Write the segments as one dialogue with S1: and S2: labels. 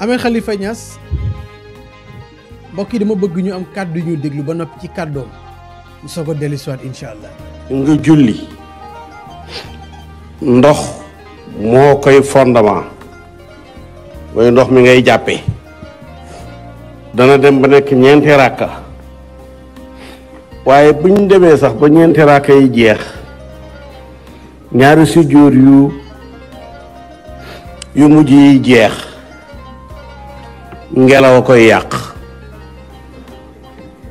S1: amee xalifa ñas mbokk yi dama bëgg ñu am kàddu ñu déglu ba noppi ci kàddoom ñu soog a dellu soit insha allah
S2: nga julli ndox moo koy fondement mooy ndox mi ngay jàppe dana dem ba nekk ñeenti ràkka waaye bu ñu sax ba ñeenti ràkka yi jeex ñaari sujjóor yu yu mujj jeex ngelaw a koy yàq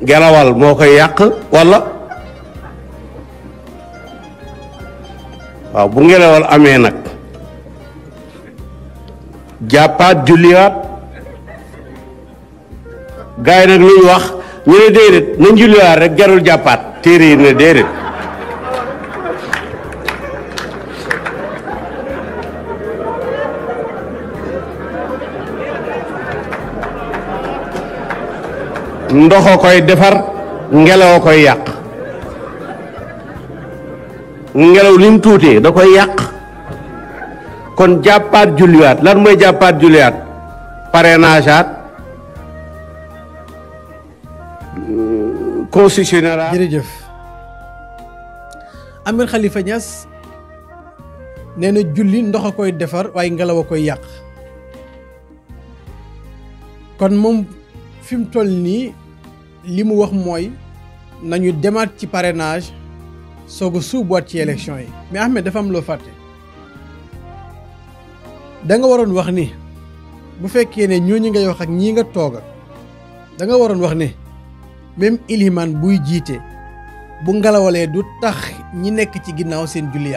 S2: ngelawal moo koy yàq walla waaw bu ngelawal amee nag jàppaat julliwaat gars yi nag lu wax ñu ne déedéet nañ julliwaat rek jarul jàppaat téere yi ne déedéet ndox koy defar ngelaw koy yàq ngelaw li mu tuutee da koy yàq kon jàppaat julliwaat lan mooy jàppaat julliwaat
S1: pare at constitutionnel jërëjëf Amir Khalifa Niass nee julli ndox koy defar waaye ngelaw koy yàq kon moom fi mu toll nii li mu wax mooy nañu demaat ci parrainage soog a suubaat ci élection yi mais Ahmed dafa am loo fàtte da waroon wax ni bu fekkee ne ñooñu ngay wax ak ñii nga tooga da nga waroon wax ni même ilimaan buy jiite bu ngelawalee du tax ñi nekk ci ginnaaw seen julli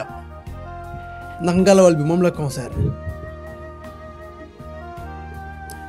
S1: ndax ngelawal bi moom la concerné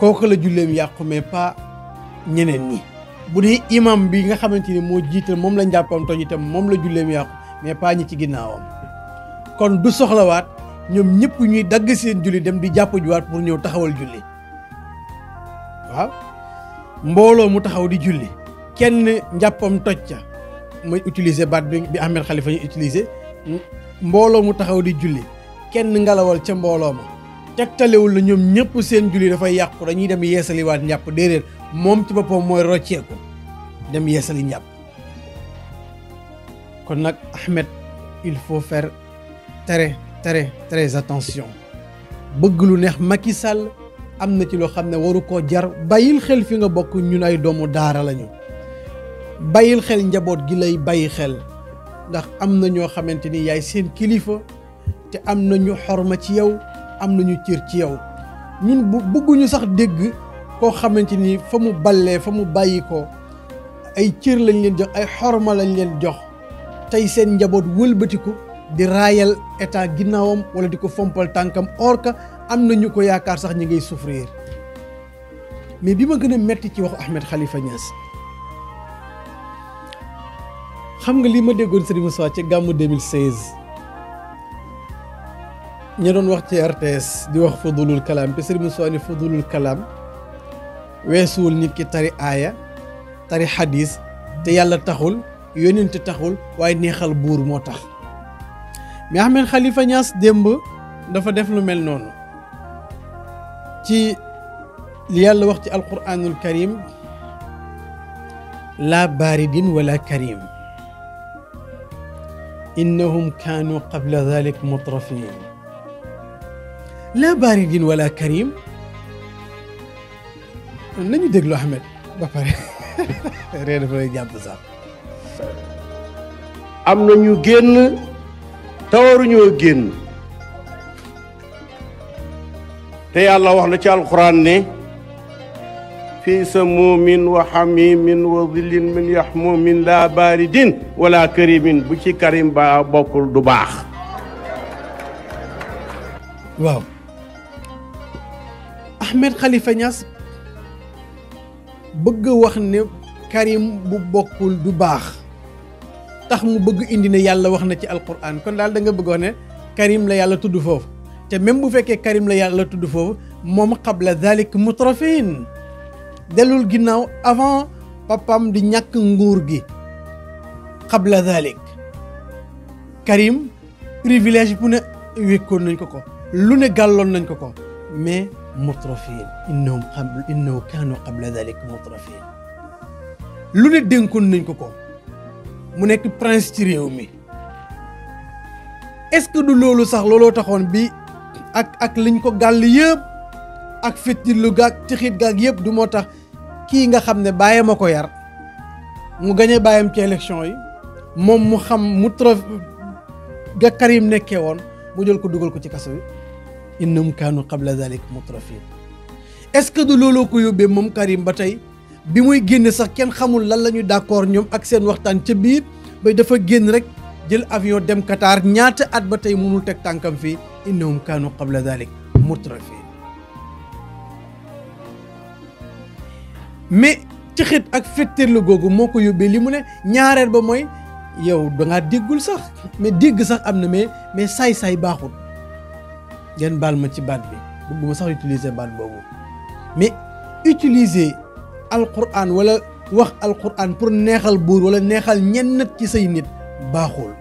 S1: kooku la julleem yàqu mais pas ñeneen ñi bu dee imam bi nga xamante ni moo jiital moom la njàppam toj itam moom la julleem yàqu mais pas ñi ci ginnaawam kon du soxlawaat ñoom ñëpp ñuy dagg seen julli dem di jàpp juwaat pour ñëw taxawal julli waaw mbooloo mu taxaw di julli kenn njàppam toj ca mooy utilise baat bi bi Ahmed Khalifa ñu utilise mbooloo mu taxaw di julli kenn ngelawal ca mbooloo ma tegtalewul la ñoom ñëpp seen julli dafay yàqu dañuy dem yeesali waat njàpp déedéet moom ci boppam mooy rocceeku dem yeesali njàpp kon nag Ahmed il faut faire très très très attention bëgg lu neex Macky Sall am na ci loo xam ne waru koo jar bàyyil xel fi nga bokk ñun ay doomu daara lañu bàyyil xel njaboot gi lay bàyyi xel ndax am na ñoo xamante ni yaay seen kilifa te am na ñu xorma ci yow. am nañu cër ci yow ñun bu bëgguñu sax dégg koo xamante ni fa mu ballee fa mu bàyyi ko ay cër lañ leen jox ay xorma lañ leen jox tey seen njaboot wëlbatiku di raayal état ginnaawam wala di ko fompal tànkam or am na ñu ko yaakaar sax ñi ngay souffrir mais bi ma gën a metti ci waxu Ahmed xalifa Niass xam nga li ma déggoon Serigne Moussa ci gàmmu 2016. ñi doon wax ci RTS di wax fudulul kalaam te sëriñ Moussa ni fudulul kalaam weesuwul nit ki tari aaya tari xadis te yàlla taxul yónent taxul waaye neexal buur moo tax mais Ahmed Khalifa Niass démb dafa def lu mel noonu ci li yàlla wax ci alquranul karim laa baaridin wala karim innahum kaanu qabla dalik mutrafin لا بارد ولا كريم لن يدق له احمد بفر رينا فلي جاب بزاف ام نيو
S2: تور نيو تي الله واخنا تي القران ني في سموم وحميم وظل من يحموم لا بارد ولا كريم بشي كريم با بوكل دو
S1: Ahmed Khalifa Niass bëgg wax ne Karim bu bokkul du baax tax mu bëgg indi na yàlla wax na ci alquran kon daal da nga bëggoon ne Karim la yàlla tudd foofu te même bu fekkee Karim la yàlla tudd foofu moom qabla mu mutrafiin dellul ginnaaw avant papam di ñàkk nguur gi qabla dalik Karim privilège bu ne wékkoon nañ ko ko lu ne gàlloon nañ ko ko mais mutrafin innahum qabl innahu kaanu qabla dalik mutrafin lu ne dénkoon nañ ko ko mu nekk prince ci réew mi est-ce que du loolu sax looloo taxoon bi ak ak liñ ko gàll yëpp ak fittilu gaag tixit gaag yëpp du moo tax kii nga xam ne bàyyam a ko yar mu gañe bàyyam ci élection yi moom mu xam mu trop ga Karim nekkee woon mu jël ko dugal ko ci kaso bi innahum kaanu qabla dalik mutrafin est-ce que du looloo ko yóbbee moom Karim ba tey bi muy génn sax kenn xamul lan la ñu d'accord ñoom ak seen waxtaan ca biir ba dafa génn rek jël avion dem Qatar ñaata at ba tey mënul teg tànkam fii innahum kaanu qabla dalik mais ci xit ak fetteerlu googu moo ko yóbbee li mu ne ñaareel ba mooy yow dangaa déggul sax mais dégg sax am na mais mais saay-saay baaxul ngeen baal ma ci baat bi bëgguma sax utiliser baat boobu mais utiliser alquran wala wax alquran pour neexal buur wala neexal ñenn ci say nit baaxul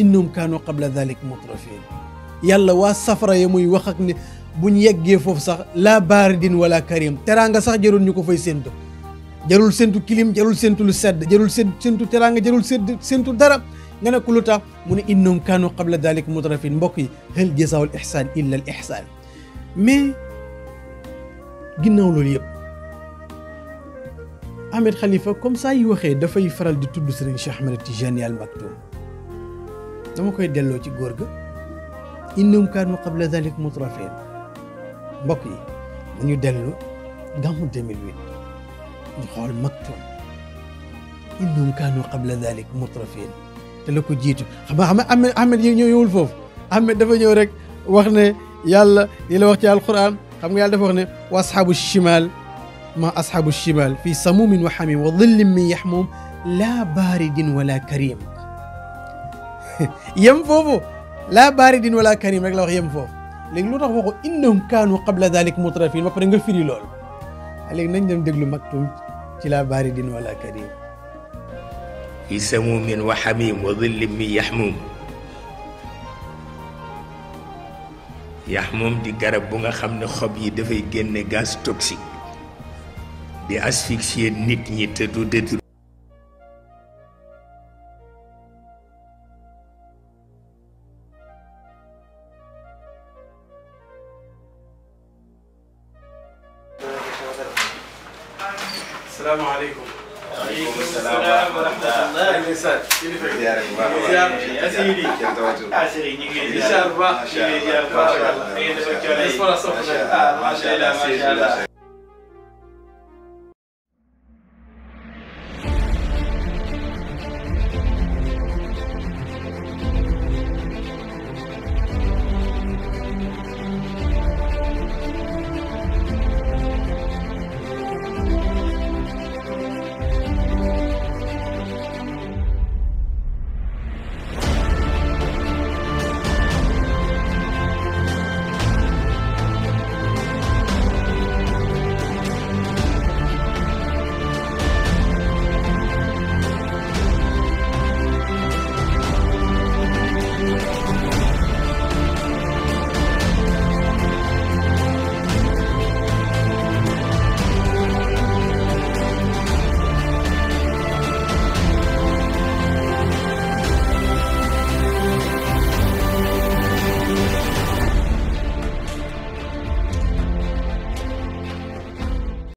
S1: innum kaanu qabla dalik mutrafin yàlla waa safara ya muy wax ak ne buñ yeggee foofu sax laa baaridin wala karim teraanga sax jarul ñu ko fay séntu jarul séntu kilim jarul séntu lu sedd jarul séntu teraanga jarul séntu dara نانا كلوتا من انهم كانوا قبل ذلك مترفين بوكي هل جزاء الاحسان الا الاحسان مي غيناولو ليب احمد خليفه كوم ساي يوخي دا فاي فرال دي تود سيرين شيخ احمد تيجاني المكتوم داما كوي ديلو سي غورغ انهم كانوا قبل ذلك مترفين بوكي نيو ديلو دامو 2008 نخول مكتوم انهم كانوا قبل ذلك مترفين te la ko jiitu xam nga xam nga Ahmed Ahmed ñëwul foofu Ahmed dafa ñëw rek wax ne yàlla li la wax ci alquran xam nga yàlla dafa wax ne wa asxaabu chimal ma asxaabu chimal fii samumin wa xamim wa dhillin min yaxmum laa baaridin wala karim yem foofu laa baaridin wala karim rek la wax yem foofu léegi lu tax waxu innahum kaanu qabla dalik mutrafin ba pare nga firi lool léegi nañ dem déglu maktum ci laa baaridin wala karim
S2: في سموم وحميم وظل من يحموم يحموم دي غرب بوغا خامن خوب يي دافاي ген غاز توكسيك دي اسفيكسي نيت ني تدو ددو
S1: السلام عليكم Aleykümselam ve rahmetullah. Ziyaret var. Azili.
S2: Azili. İnşallah. İnşallah. Barakallah. Eyvallah. Maşallah. Maşallah. Maşallah.